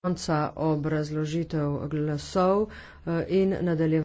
konca obrazložitev glasov eh, in nadaljevanje.